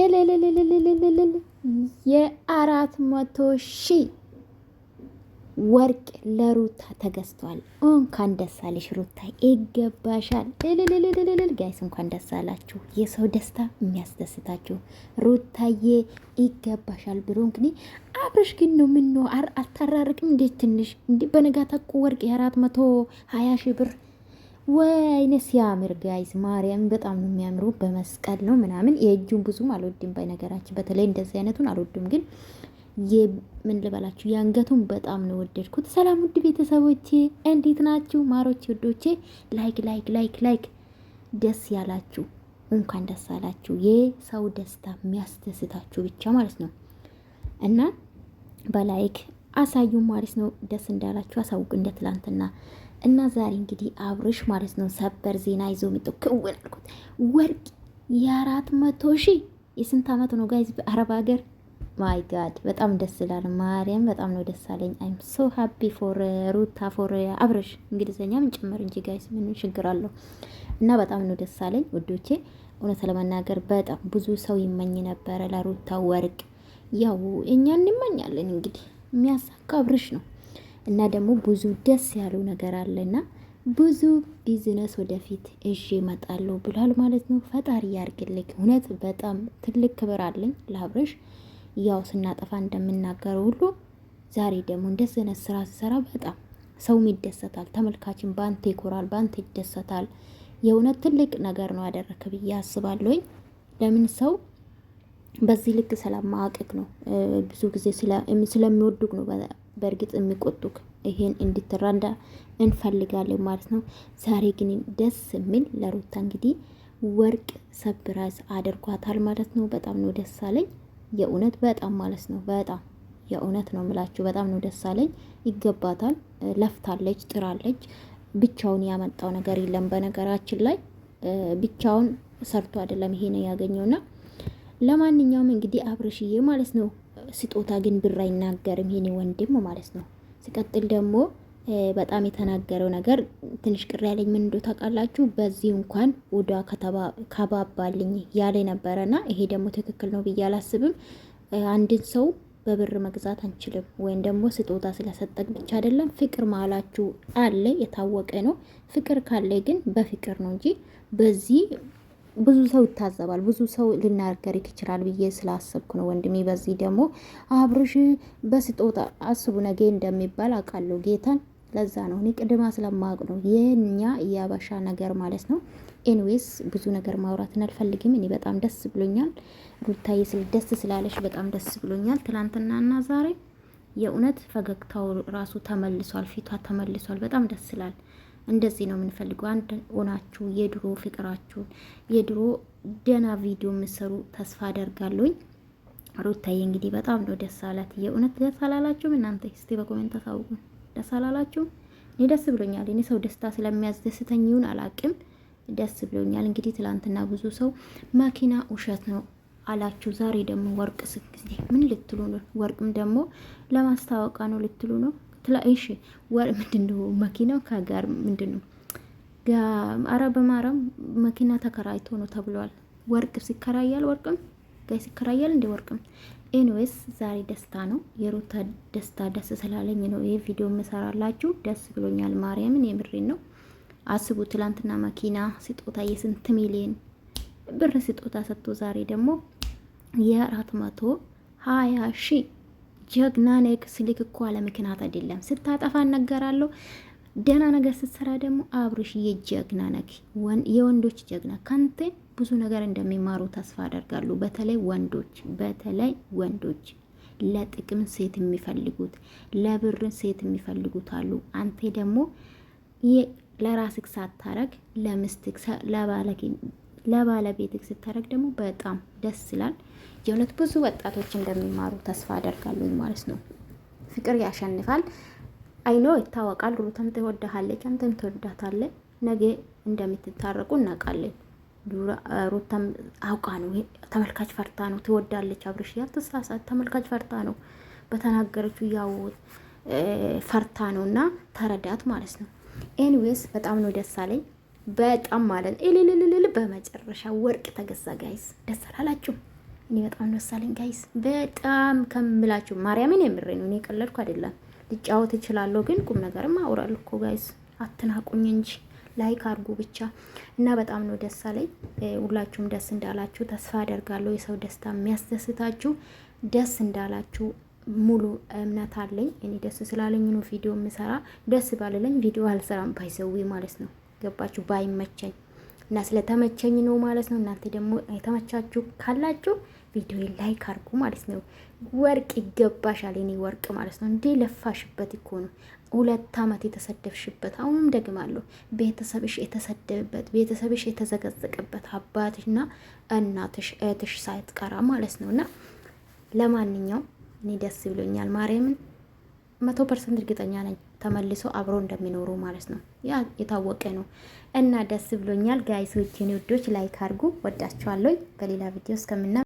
እልልልልልልልል የአራት መቶ ሺህ ወርቅ ለሩታ ተገዝቷል። እንኳን ደስ አለሽ ሩታ፣ ይገባሻል። እልልልልልል ጋይስ እንኳን ደስ አላችሁ። የሰው ደስታ የሚያስደስታችሁ ሩታዬ ይገባሻል ብሎ እንግዲህ አብረሽ ግን ነው ምን ነው አታራርቅም እንዴት ትንሽ እንዲህ በነጋታ ወርቅ የአራት መቶ ሀያ ሺህ ብር ወይኔ ሲያምር ጋይዝ ማርያም በጣም ነው የሚያምሩ። በመስቀል ነው ምናምን። የእጁን ብዙም አልወድም በነገራችን፣ በተለይ እንደዚህ አይነቱን አልወድም። ግን ምን ልበላችሁ የአንገቱን በጣም ነው ወደድኩት። ሰላም ውድ ቤተሰቦቼ እንዴት ናችሁ? ማሮቼ፣ ውዶቼ፣ ላይክ ላይክ ላይክ ላይክ ደስ ያላችሁ እንኳን ደስ አላችሁ። የሰው ደስታ የሚያስደስታችሁ ብቻ ማለት ነው እና በላይክ አሳዩ ማለት ነው። ደስ እንዳላችሁ አሳውቅ እንደ ትላንትና እና ዛሬ እንግዲህ አብርሽ ማለት ነው ሰበር ዜና ይዞ መጥቶ ክውን አልኩት። ወርቅ የአራት መቶ ሺህ የስንት ዓመት ነው ጋይዝ በአረብ ሀገር ማይ ጋድ በጣም ደስ ይላል። ማርያም በጣም ነው ደስ አለኝ። አይም ሶ ሀፒ ፎር ሩታ ፎር አብርሽ እንግሊዝኛ ምን ጨመር እንጂ ጋይዝ ምን ችግር አለው? እና በጣም ነው ደስ አለኝ ውዶቼ። እውነት ለመናገር በጣም ብዙ ሰው ይመኝ ነበረ ለሩታ ወርቅ። ያው እኛ እንመኛለን እንግዲህ የሚያሳካ አብርሽ ነው። እና ደግሞ ብዙ ደስ ያሉ ነገር አለና ብዙ ቢዝነስ ወደፊት እዥ ይመጣለሁ ብሏል ማለት ነው። ፈጣሪ ያርግልክ። እውነት በጣም ትልቅ ክብር አለኝ ለአብርሽ። ያው ስናጠፋ እንደምናገረው ሁሉ ዛሬ ደግሞ እንደዚህ አይነት ስራ ሲሰራ በጣም ሰውም ይደሰታል። ተመልካችን በአንተ ይኮራል፣ በአንተ ይደሰታል። የእውነት ትልቅ ነገር ነው ያደረክ ብዬ አስባለሁኝ። ለምን ሰው በዚህ ልክ ስለማያውቅክ ነው ብዙ ጊዜ ስለሚወዱቅ ነው በእርግጥ የሚቆጡክ ይሄን እንድትራንዳ እንፈልጋለን ማለት ነው። ዛሬ ግን ደስ የሚል ለሩታ እንግዲህ ወርቅ ሰብራዝ አድርጓታል ማለት ነው። በጣም ነው ደስ አለኝ። የእውነት በጣም ማለት ነው። በጣም የእውነት ነው ምላችሁ በጣም ነው ደስ አለኝ። ይገባታል። ለፍታለች፣ ጥራለች። ብቻውን ያመጣው ነገር የለም። በነገራችን ላይ ብቻውን ሰርቶ አይደለም ይሄ ነው ያገኘውና ለማንኛውም እንግዲህ አብርሽዬ ማለት ነው ስጦታ ግን ብር አይናገርም ይሄኔ ወንድም ማለት ነው። ሲቀጥል ደግሞ በጣም የተናገረው ነገር ትንሽ ቅር ያለኝ ምን እንዶ ታውቃላችሁ፣ በዚህ እንኳን ወዷ ከባባልኝ ያለ ነበረና ይሄ ደግሞ ትክክል ነው ብዬ አላስብም። አንድን ሰው በብር መግዛት አንችልም። ወይም ደግሞ ስጦታ ስለሰጠቅ ብቻ አይደለም። ፍቅር ማላችሁ አለ የታወቀ ነው። ፍቅር ካለ ግን በፍቅር ነው እንጂ በዚህ ብዙ ሰው ይታዘባል፣ ብዙ ሰው ልናገሪክ ይችላል ብዬ ስላሰብኩ ነው ወንድሜ። በዚህ ደግሞ አብርሽ በስጦታ አስቡ ነገ እንደሚባል አውቃለሁ ጌታን። ለዛ ነው እኔ ቅድማ ስለማውቅ ነው የኛ የአበሻ ነገር ማለት ነው። ኤንዌስ ብዙ ነገር ማውራት አልፈልግም። እኔ በጣም ደስ ብሎኛል ሩታዬ፣ ስል ደስ ስላለሽ በጣም ደስ ብሎኛል። ትላንትናና ዛሬ የእውነት ፈገግታው ራሱ ተመልሷል፣ ፊቷ ተመልሷል። በጣም ደስ ስላል። እንደዚህ ነው የምንፈልገው። አንድ ሆናችሁ የድሮ ፍቅራችሁን የድሮ ደና ቪዲዮ የምሰሩ ተስፋ አደርጋለሁኝ። ሩታዬ እንግዲህ በጣም ነው ደስ አላት። የእውነት ደስ አላላችሁም እናንተ? እስቲ በኮሜንት ታሳውቁ። ደስ አላላችሁም? እኔ ደስ ብሎኛል። እኔ ሰው ደስታ ስለሚያስደስተኝ ይሁን አላቅም፣ ደስ ብሎኛል። እንግዲህ ትላንትና ብዙ ሰው መኪና ውሸት ነው አላችሁ። ዛሬ ደግሞ ወርቅ ስትጊዜ ምን ልትሉ ነው? ወርቅም ደግሞ ለማስታወቂያ ነው ልትሉ ነው? ትላ እሺ ወር ምንድነው መኪናው ከጋር ምንድነው አረ በማረም መኪና ተከራይቶ ነው ተብሏል። ወርቅ ሲከራያል ወርቅም ጋይ ሲከራያል እንደ ወርቅም ኤንዌስ ዛሬ ደስታ ነው። የሩታ ደስታ ደስ ስላለኝ ነው ይሄ ቪዲዮ መሰራላችሁ። ደስ ብሎኛል። ማርያምን የምሬን ነው። አስቡ ትላንትና መኪና ስጦታ የስንት ሚሊዮን ብር ስጦታ ሰጥቶ ዛሬ ደግሞ የአራት መቶ ሀያ ሺህ ጀግና ነህ። ስልክ እኮ አለ ምክንያት አይደለም። ስታጠፋ እነገራለሁ፣ ደህና ነገር ስትሰራ ደግሞ አብርሽዬ የጀግና ነክ የወንዶች ጀግና። ከንቴ ብዙ ነገር እንደሚማሩ ተስፋ አደርጋሉ። በተለይ ወንዶች በተለይ ወንዶች ለጥቅም ሴት የሚፈልጉት ለብር ሴት የሚፈልጉት አሉ። አንተ ደግሞ ለራስክ ሳታረግ ለምስትክ ለባለክ ለባለቤትህ ስታደርግ ደግሞ በጣም ደስ ይላል። የእውነት ብዙ ወጣቶች እንደሚማሩ ተስፋ አደርጋለሁ ማለት ነው። ፍቅር ያሸንፋል። አይኖ ይታወቃል። ሩታም ትወድሃለች፣ አንተም ትወዳታለህ። ነገ እንደምትታረቁ እናውቃለን። ሩተም አውቃ ነው ተመልካች ፈርታ ነው ትወዳለች። አብርሽ ያልተሳሳት ተመልካች ፈርታ ነው በተናገረችው ያው ፈርታ ነው እና ተረዳት ማለት ነው። ኤኒዌይስ በጣም ነው ደስ አለኝ። በጣም ማለት ነው እልልልልል። በመጨረሻ ወርቅ ተገዛ ጋይስ፣ ደስ አላላችሁ? እኔ በጣም ደሳለኝ ጋይስ፣ በጣም ከምላችሁ ማርያምን የምሬ ነው። እኔ ቀለድኩ አይደለም። ልጫወት እችላለሁ፣ ግን ቁም ነገርም አውራለሁ እኮ ጋይስ፣ አትናቁኝ እንጂ ላይክ አድርጉ ብቻ እና በጣም ነው ደስ አለኝ። ሁላችሁም ደስ እንዳላችሁ ተስፋ አደርጋለሁ። የሰው ደስታ የሚያስደስታችሁ ደስ እንዳላችሁ ሙሉ እምነት አለኝ። እኔ ደስ ስላለኝ ነው ቪዲዮ የምሰራ። ደስ ባልለኝ ቪዲዮ አልሰራም። ባይዘዌ ማለት ነው ገባችሁ? ባይመቸኝ እና ስለተመቸኝ ነው ማለት ነው። እናንተ ደግሞ የተመቻችሁ ካላችሁ ቪዲዮ ላይክ አርጉ ማለት ነው። ወርቅ ይገባሻል የኔ ወርቅ ማለት ነው። እንዴ ለፋሽበት እኮ ነው ሁለት ዓመት የተሰደብሽበት። አሁንም ደግማለሁ፣ ቤተሰብሽ የተሰደብበት፣ ቤተሰብሽ የተዘገዘቀበት አባትሽና እናትሽ እህትሽ ሳይትቀራ ማለት ነው። እና ለማንኛውም እኔ ደስ ብሎኛል ማርያምን መቶ ፐርሰንት እርግጠኛ ነኝ ተመልሶ አብሮ እንደሚኖሩ ማለት ነው። ያ የታወቀ ነው እና ደስ ብሎኛል። ጋይሶችን ውዶች ላይክ አድርጉ። ወዳችኋለሁ። በሌላ ቪዲዮ እስከምና